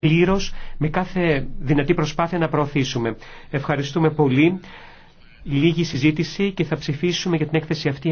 πλήρως με κάθε δυνατή προσπάθεια να προωθήσουμε. Ευχαριστούμε πολύ. Λίγη συζήτηση και θα ψηφίσουμε για την έκθεση αυτή